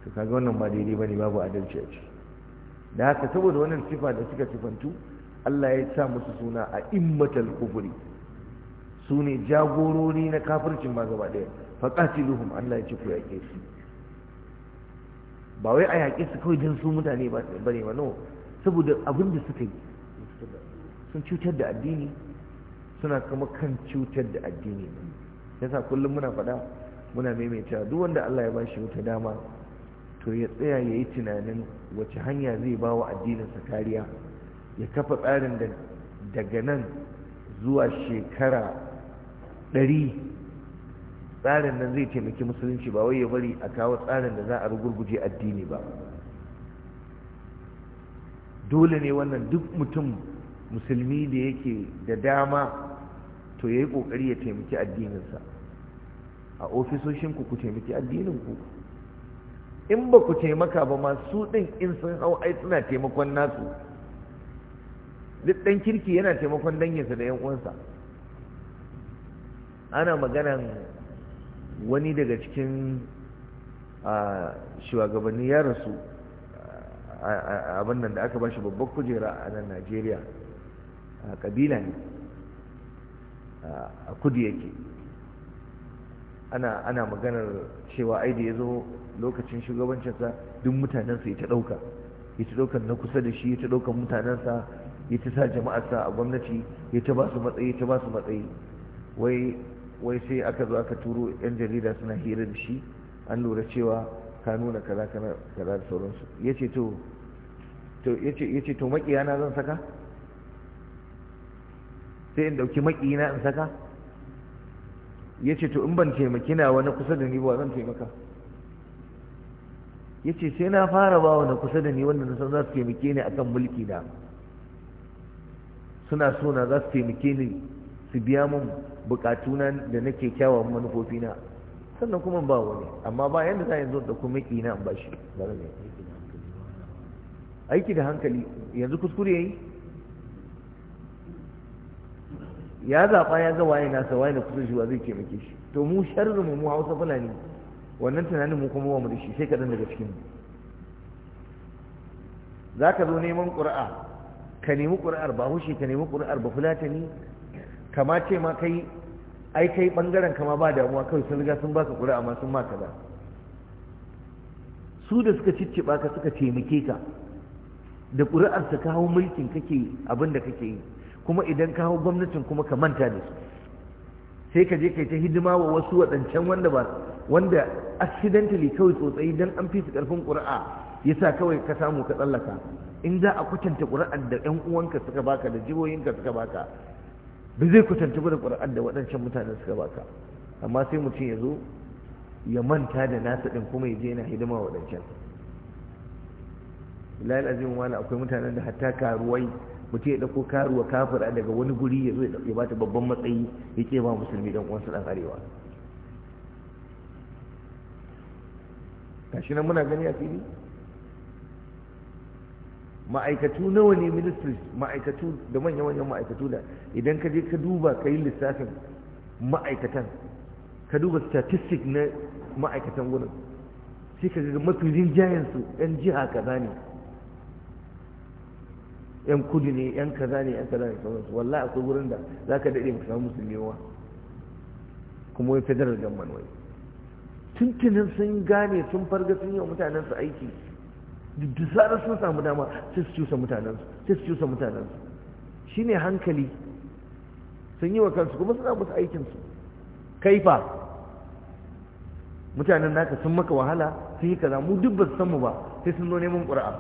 to kaga wannan ba daidai bane babu adalci a ciki da haka saboda wannan sifa da suka sifantu Allah ya sa musu suna a immatal kufuri su ne jagorori na kafircin ma gaba ɗaya faƙatiluhum Allah ya ce ku yaƙe su ba wai a yaƙe su kawai don su mutane ba ne ba no saboda abin da suka yi sun cutar da addini suna kama kan cutar da addini yasa kullum muna faɗa muna maimaita duk wanda Allah ya bashi wata dama to ya tsaya ya yi tunanin wace hanya zai ba wa addininsa kariya ya kafa tsarin da daga nan zuwa shekara ɗari tsarin nan zai taimaki musulunci ba wai ya bari a kawo tsarin da za a rugurguje addini ba dole ne wannan duk mutum musulmi da yake da dama to ya yi ƙoƙari ya taimaki addininsa a ofisoshinku ku taimaki addininku in ba ku taimaka ba masu ɗin in sun hau ai suna taimakon nasu duk ɗan kirki yana taimakon danginsa da 'yan uwansa ana maganan wani daga cikin shugabanni ya rasu abinnan da aka ba shi babbar kujera a nan najeriya a kabila ne a kudu yake ana maganar cewa da ya zo lokacin shugabancinsa duk mutanensa ya ta ɗauka ya ta ɗaukar na kusa da shi ya ta ɗaukar mutanensa ya ta sa jama'arsa a gwamnati ya ta ba su matsayi ya ta ba su matsayi wai wai sai aka zo aka turo yan jarida suna hira da shi an lura cewa ka nuna kaza kaza da sauransu ya ce to yace to makiyana zan saka sai in dauki makiyina in saka ya ce to in ban taimaki na wani kusa da ni ba zan taimaka ya ce sai na fara ba wani kusa da ni wanda na san za su taimake ni akan mulki na suna so na za su taimake ni su biya mun bukatuna da nake kyawawan manufofina sannan kuma ba wani amma ba yadda za a yanzu da kuma ƙi na ba shi aiki da hankali yanzu kuskure yi ya zaɓa ya ga waye nasa waye na kusa shi ba zai taimake shi to mu sharri mu hausa fulani wannan tunanin mu kuma mu da shi sai kaɗan daga cikin za ka zo neman ƙura'a ka nemi ƙura'ar ba hushe ka nemi ƙura'ar ba fulatani kama ce ma kai ai kai bangaren kama ba damuwa kawai sun riga sun baka ƙuri'a amma sun ma kaza su da suka cicciɓa ka suka taimake ka da ƙuri'ar ka hau mulkin kake abin da kake yi kuma idan ka gwamnatin kuma ka manta da su sai ka je kai ta hidima wa wasu waɗancan wanda ba wanda accidentally kawai tsotsayi don an fi su ƙarfin ƙuri'a ya sa kawai ka samu ka tsallaka in za a kwatanta ƙuri'ar da 'yan uwanka suka baka da jihohinka suka baka ba zai kwatanta da ƙur'an da waɗancan mutanen suka baka amma sai mutum ya zo ya manta da nasa ɗin kuma ya je yana hidima waɗancan bilal azim wani akwai mutanen da hatta karuwai mutum ya ɗauko karuwa kafira daga wani guri ya zo ya bata babban matsayi ya ke ba musulmi ɗan uwansu ɗan arewa nan muna gani a fili ma'aikatu nawa ne ministry ma'aikatu da manya-manyan ma'aikatu da idan ka je ka duba ka yi lissafin ma'aikatan ka duba statistic na ma'aikatan wurin sai ka ga mafi rinjayensu 'yan jiha kaza ne 'yan kudu ne 'yan kaza ne 'yan kaza ne sauransu wallahi akwai wurin da za ka daɗe ka samu musulmi wa kuma wai federal gamman wai tuntunin sun gane sun farga sun yi wa mutanensu aiki da sun samu dama sai su cusa mutanensu sai su cusa mutanensu shine hankali sun yi wa kansu kuma suna musu aikinsu kaifa mutanen naka sun maka wahala sun yi kaza mu duk ba su san mu ba sai sun zo neman ƙura'a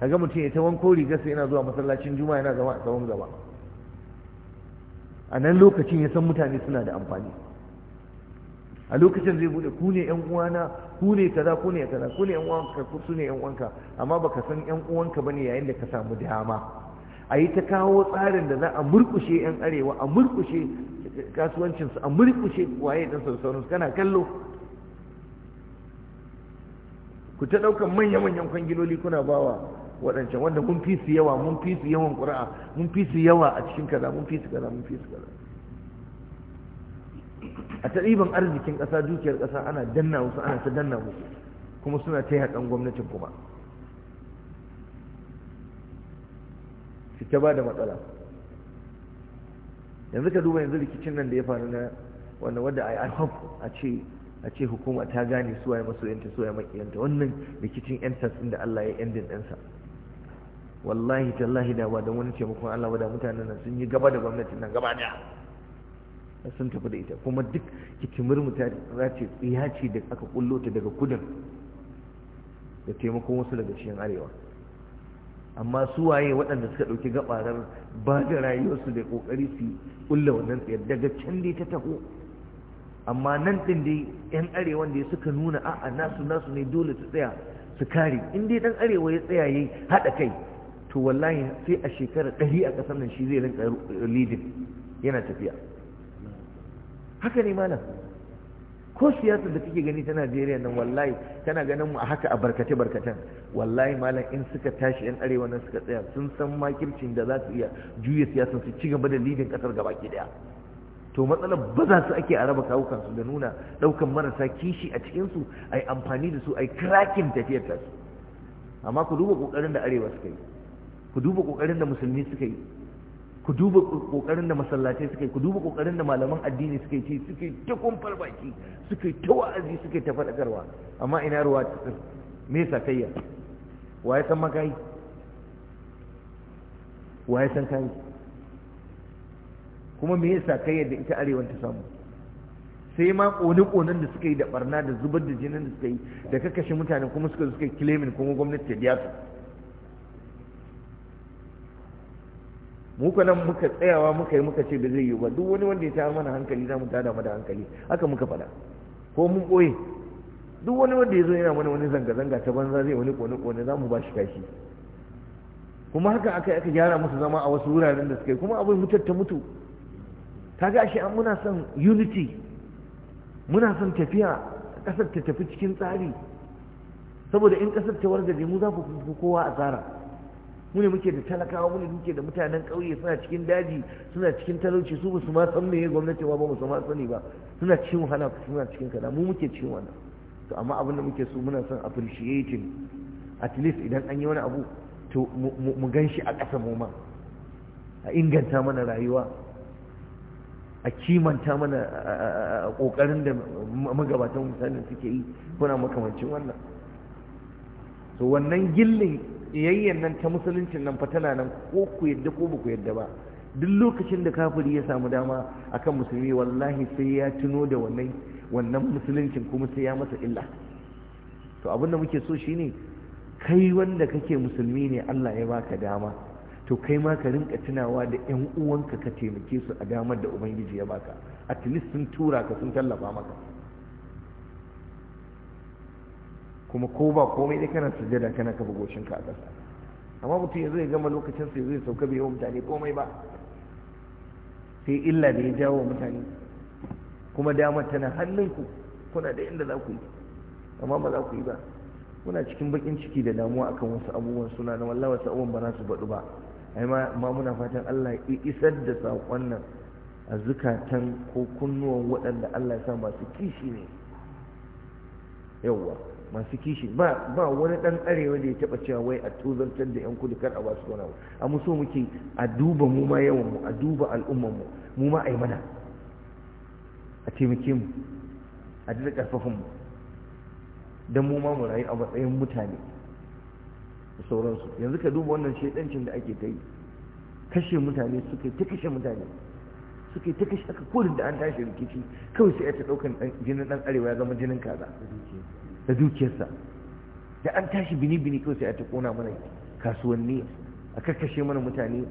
kaga mutum ya ta wanko riga sai yana zuwa masallacin juma'a yana zama a tsawon gaba a nan lokacin ya san mutane suna da amfani a lokacin zai bude ku ne yan uwana ku ne kaza ku ne kaza ku ne yan uwanka ku ne yan uwanka amma baka san yan uwanka bane yayin da ka samu dama a yi ta kawo tsarin da za a murkushe 'yan arewa a murkushe kasuwancinsu a murkushe waye da sassauransu kana kallo ku ta ɗaukar manya-manyan kwangiloli kuna bawa waɗancan wanda mun fi su yawa mun fi su yawan ƙura'a mun fi su yawa a cikin kaza mun fi su kaza mun fi su kaza a taɗiban arzikin ƙasa dukiyar ƙasa ana danna musu ana ta danna musu kuma suna ta yaƙan gwamnatin kuma su ta ba da matsala yanzu ka duba yanzu rikicin nan da ya faru na wannan wadda i hope a ce a ce hukuma ta gane suwaye masoyanta suwaye makiyanta wannan rikicin yan tasirin da Allah ya endin ɗansa wallahi tallahi da ba da wani taimakon Allah ba da mutanen nan sun yi gaba da gwamnatin nan gaba da sun tafi da ita kuma duk kitimir mu ta ce tsiya da aka kullo ta daga kudin da taimakon wasu daga cikin arewa amma su waye waɗanda suka ɗauki gabarar ba da rayuwarsu da ƙoƙari su ƙulla wannan tsayar daga can dai ta taho amma nan ɗin dai 'yan arewa da suka nuna a'a nasu nasu ne dole su tsaya su kare in dai ɗan arewa ya tsaya ya haɗa kai to wallahi sai a shekara ɗari a ƙasar nan shi zai rinka lidin yana tafiya haka ne malam ko siyasar da kake gani ta Najeriya nan wallahi tana ganin mu a haka a barkace barkatan wallahi malam in suka tashi yan arewa nan suka tsaya sun san makircin da za su iya juya siyasar su ci gaba da lidin kasar gaba ke daya to matsalar ba za su ake araba raba kawukan su da nuna daukan marasa kishi a cikin su ai amfani da su ai cracking tafiyar ta su amma ku duba kokarin da arewa suka yi ku duba kokarin da musulmi suka yi ku duba kokarin da masallatai suke ku duba kokarin da malaman addini suke ci suke ta kumfar baki suke ta wa'azi suke ta faɗakarwa amma ina ruwa me sakayya wa waye san makai wa ya san kai kuma me yasa kai da ita arewan ta samu sai ma kone-konen da suka yi da barna da zubar da jinin da suka yi da kakashin mutane kuma suka suka kilimin kuma gwamnati ta biya su mu nan muka tsayawa muka yi muka ce ba zai yi ba duk wani wanda ya tayar mana hankali za mu tada da hankali haka muka faɗa ko mun ɓoye duk wani wanda ya zo yana mana wani zanga-zanga ta banza zai wani kone-kone za mu ba kashi kuma haka aka aka gyara musu zama a wasu wuraren da suka yi kuma abin mutar ta mutu ta ga shi an muna son unity muna son tafiya ƙasar ta tafi cikin tsari saboda in ƙasar ta wargaje mu za ku kowa a tsara mu ne muke da talakawa mu ne muke da mutanen ƙauye suna cikin daji suna cikin talauci su basu ma san meye gwamnati ba ba su ma sani ba suna cikin wahala suna cikin kada mu muke cikin wannan to amma abin da muke so muna son appreciating at least idan an yi wani abu to mu gan shi a ƙasa mu ma a inganta mana rayuwa a kimanta mana ƙoƙarin da magabatan mutanen suke yi kuna makamancin wannan to wannan gillin ƙiyayyen nan ta musuluncin nan fa tana nan ko ku yadda ko ba ku yadda ba duk lokacin da kafiri ya samu dama akan musulmi wallahi sai ya tuno da wannan wannan musuluncin kuma sai ya masa illa to abin da muke so shine kai wanda kake musulmi ne Allah ya baka dama to kai ma ka rinka tunawa da ƴan uwanka ka taimake su a damar da ubangiji ya baka at least sun tura ka sun tallafa maka kuma ko ba komai dai kana sujada kana kafa goshinka a ƙasa amma mutum yanzu ya gama lokacin sai zai sauka bai yi wa mutane komai ba sai illa da ya jawo mutane kuma dama tana hannunku kuna da inda za ku yi amma ba za ku yi ba kuna cikin bakin ciki da damuwa akan wasu abubuwan suna na wallah wasu abubuwan ba za su baɗu ba ai ma muna fatan Allah ya isar da saƙon nan a zukatan ko kunnuwan waɗanda Allah ya sa masu kishi ne yawwa masu kishi ba ba wani dan arewa da ya taba cewa wai a tozartar da yan kudu kar a basu wani abu a mu so muke a duba mu ma yawan mu a duba al'umman mu mu ma ai mana a taimake mu a dada karfafin mu don mu ma mu rayu a matsayin mutane da sauransu yanzu ka duba wannan shaidancin da ake ta yi kashe mutane suka ta kashe mutane suka ta kashe aka kodin da an tashi rikici kawai sai ta ɗaukan jinin ɗan arewa ya zama jinin kaza da dukiyarsa da an tashi bini-bini kawai sai a ta kona mana kasuwanni a karkashe mana mutane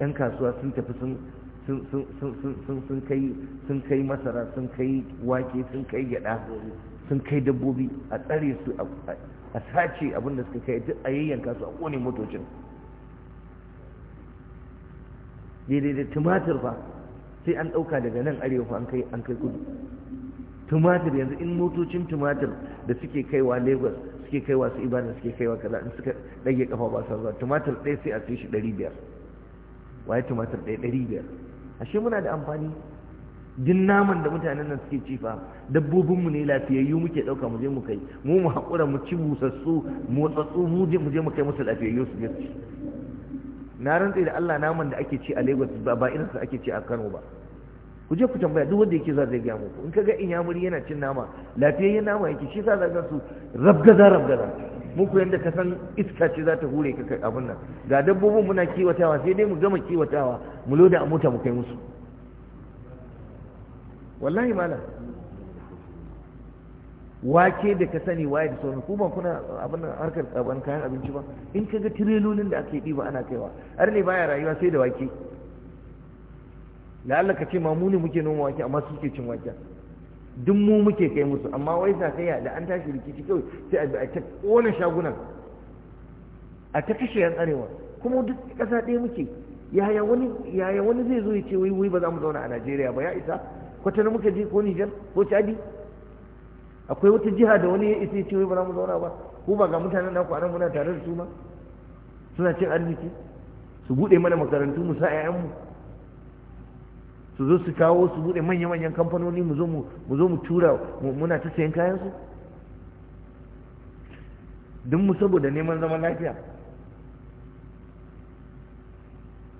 yan kasuwa sun tafi sun kai masara sun kai wake sun kai gyada sun kai dabbobi a tsare su a sace abinda suka kai duk a yayyanka su a kone motocin daidai da tumatir ba, sai an ɗauka daga nan arewa an kai kudu tumatir yanzu in motocin tumatir da suke kaiwa lagos suke kaiwa su ibada suke kaiwa kaza in suka dage kafa ba su zuwa tumatir ɗaya sai a sai shi ɗari biyar waye tumatir ɗaya ɗari biyar ashe muna da amfani din naman da mutanen nan suke cifa fa dabbobinmu ne lafiyayyu muke ɗauka mu je mu kai mu mu haƙura mu ci busassu motsatsu mu je mu je mu kai musu lafiyayyu su je su ci na rantse da Allah naman da ake ci a Lagos ba ba irinsa ake ci a Kano ba ku je ku tambaya duk wanda yake za zai gaya muku in kaga in inyamuri yana cin nama lafiyayyen nama yake shi sa zaka su rabgaza rabgaza muku yanda ka san iska ce za ta hure ka kai abin nan ga dabbobin muna kiwatawa sai dai mu gama kiwatawa mu loda a mota mu kai musu wallahi mala wake da ka sani waye da sauran kuma kuna abin harkar kayan abinci ba in ka ga tirelolin da ake ɗiba ana kaiwa har ne baya rayuwa sai da wake la'alla ka ce ma mu ne muke noma wake amma suke cin wake duk mu muke kai musu amma wai kai da an tashi rikici kawai sai a bi a ta kona shagunan a ta kashe yan arewa kuma duk ƙasa ɗaya muke yaya wani yaya wani zai zo ya ce wai wai ba za mu zauna a Najeriya ba ya isa kwatana muka je ko Niger ko Chadi akwai wata jiha da wani ya isa ya ce wai ba za mu zauna ba ko ba ga mutanen naku anan muna tare da su ma suna cin arziki su bude mana makarantu mu sa 'ya'yanmu su zo su kawo su bude manya-manyan kamfanoni mu zo mu tura muna ta sayan kayan su duk mu saboda neman zaman lafiya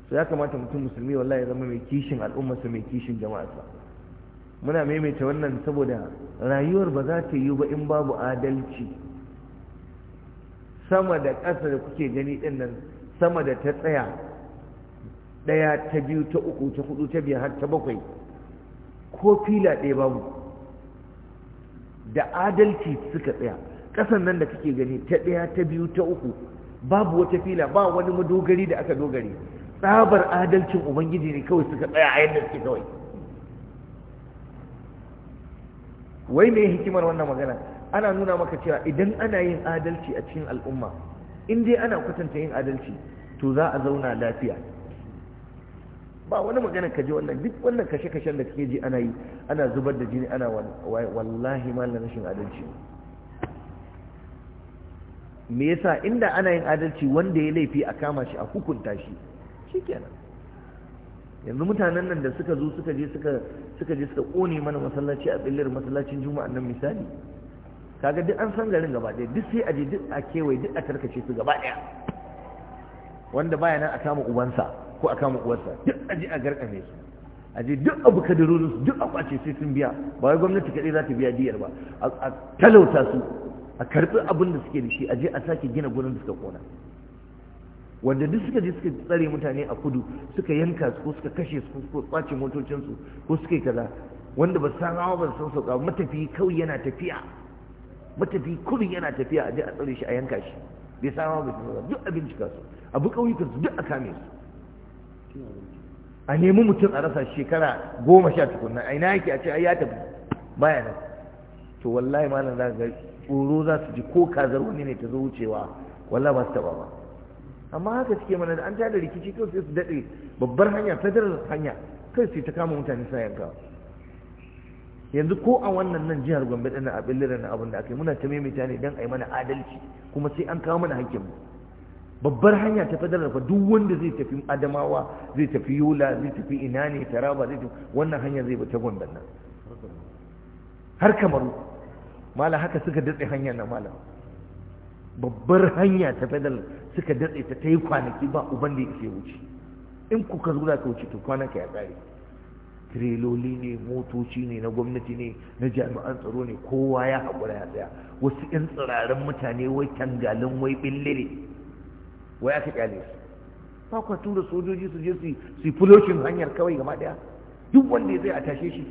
sai ya kamata mutum musulmi wallahi ya zama mai kishin al'ummarsa mai kishin jama'arsa muna maimaita wannan saboda rayuwar ba za ta yiwu ba in babu adalci sama da ƙasa da kuke gani ɗin nan sama da ta tsaya ɗaya ta biyu ta uku ta hudu ta biyar har ta bakwai ko fila ɗaya babu da adalci suka tsaya ƙasan nan da kake gani ta ɗaya ta biyu ta uku babu wata fila ba wani madogari da aka dogari tsabar adalcin ubangiji ne kawai suka tsaya a yadda suke kawai wai me hikimar wannan magana ana nuna maka cewa idan ana yin adalci a cikin al'umma in dai ana kwatanta yin adalci to za a zauna lafiya ba wani magana ka ji wannan duk wannan kashe-kashen da kake ji ana yi ana zubar da jini ana wallahi malam rashin adalci me yasa inda ana yin adalci wanda ya laifi a kama shi a hukunta shi shi kenan? yanzu mutanen nan da suka zo suka je suka suka je suka kone mana masallaci a billir masallacin juma'a nan misali kaga duk an san garin gaba ɗaya duk sai a je duk a kewaye duk a tarkace su gaba ɗaya wanda baya nan a kama ubansa ko a kama uwarsa duk a je a garkame su a je duk abu kadarorin su duk a ce sai sun biya ba wai gwamnati kaɗai za ta biya diyar ba a talauta su a karɓi abin da suke da shi a je a sake gina gurin da suka kona wanda duk suka je suka tsare mutane a kudu suka yanka su ko suka kashe su ko kwace motocinsu ko suka yi kaza wanda ba san hawa ba san sauka matafi kawai yana tafiya matafi kudu yana tafiya a je a tsare shi a yanka shi bai san hawa ba san sauka duk a bincika su abu kauyukan su duk a kame su a nemi mutum a rasa shekara goma sha tukuna, a ina yake a ce ya tafi baya nan to wallahi malam za ga tsoro za su ji ko kazar wani ne ta zo wucewa wallahi ba su taba ba amma haka suke mana da an da rikici kai sai su daɗe babbar hanya dare hanya kai sai ta kama mutane suna yanka yanzu ko a wannan nan jihar gombe ɗin a ɓillira abin da akai muna ta maimaita ne dan a yi mana adalci kuma sai an kawo mana hakkin mu. babbar hanya ta federal fa duk wanda zai tafi adamawa zai tafi yola zai tafi ina ne taraba zai tafi wannan hanya zai ba ta gwandan nan har kamaru mala haka suka datse hanya na mala babbar hanya ta fadar suka datse ta ta yi kwanaki ba uban da ya wuce in kuka zo za ka wuce to kwanaka ya tsare tireloli ne motoci ne na gwamnati ne na jami'an tsaro ne kowa ya haƙura ya tsaya wasu 'yan tsirarin mutane wai tangalin wai ɓillire wai aka kyale su ba ku tura sojoji su je su yi fulocin hanyar kawai gaba daya duk wanda zai a tashe shi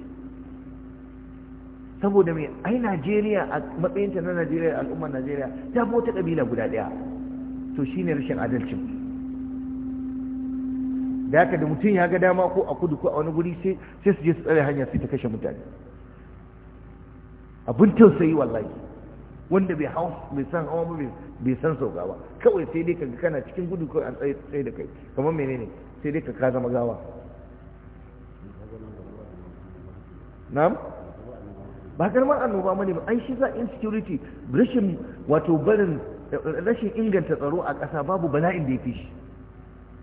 saboda mai ai najeriya a matsayinta na najeriya al'ummar najeriya ta fi wata kabila guda ɗaya to shine rashin adalcin da haka da mutum ya ga dama ko a kudu ko a wani guri sai su je su tsare hanya sai ta kashe mutane abin tausayi wallahi wanda bai hau bai san hawa mu bai san sau ba kawai sai dai kaga kana cikin gudu kawai an tsaye da kai kamar menene sai dai ka ka zama gawa na'am ba karman annoba bane ba an shi za insecurity rashin wato barin rashin inganta tsaro a ƙasa babu bala'in da ya fi shi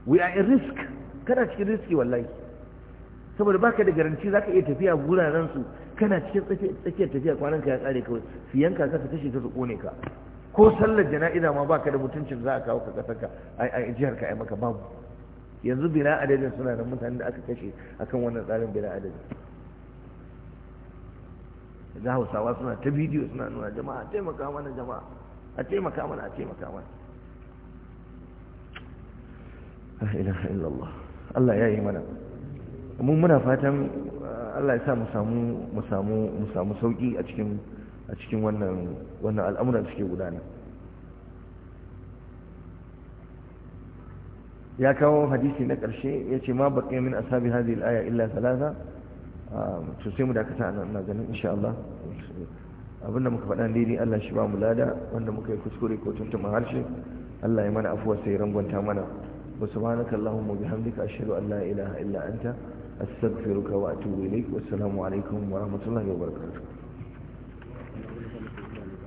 we are in risk kana cikin riski wallahi saboda baka da garanti ka iya tafiya guraren su kana cikin tsakiyar tafiya kwanan ka ya tsare kawai su yanka ka kashe ta su kone ka ko sallar jana'iza ma baka da mutuncin za a kawo ka kasarka a jihar ka ai maka babu yanzu bina adadin suna da mutane da aka kashe akan wannan tsarin bina adadin da hausawa suna ta bidiyo suna nuna jama'a taimaka mana jama'a a taimaka mana a taimaka mana ilaha illallah Allah ya yi mana mun muna fatan uh, Allah ya sa mu samu mu samu mu samu sauki a cikin a cikin wannan wannan al'amuran suke gudana ya kawo hadisi na ƙarshe ya ce ma baƙi min ashabi hadhihi al illa thalatha um, to sai mu dakata nan na ganin insha Allah da muka faɗa daidai Allah shi ba mu lada wanda muka yi kuskure ko tuntuma harshe Allah ya mana afuwa sai rangwanta mana wa subhanaka allahumma bihamdika ashhadu an la ilaha illa anta astaghfiruka wa atubu ilaik wassalamu alaikum wa rahmatullahi wa barakatuh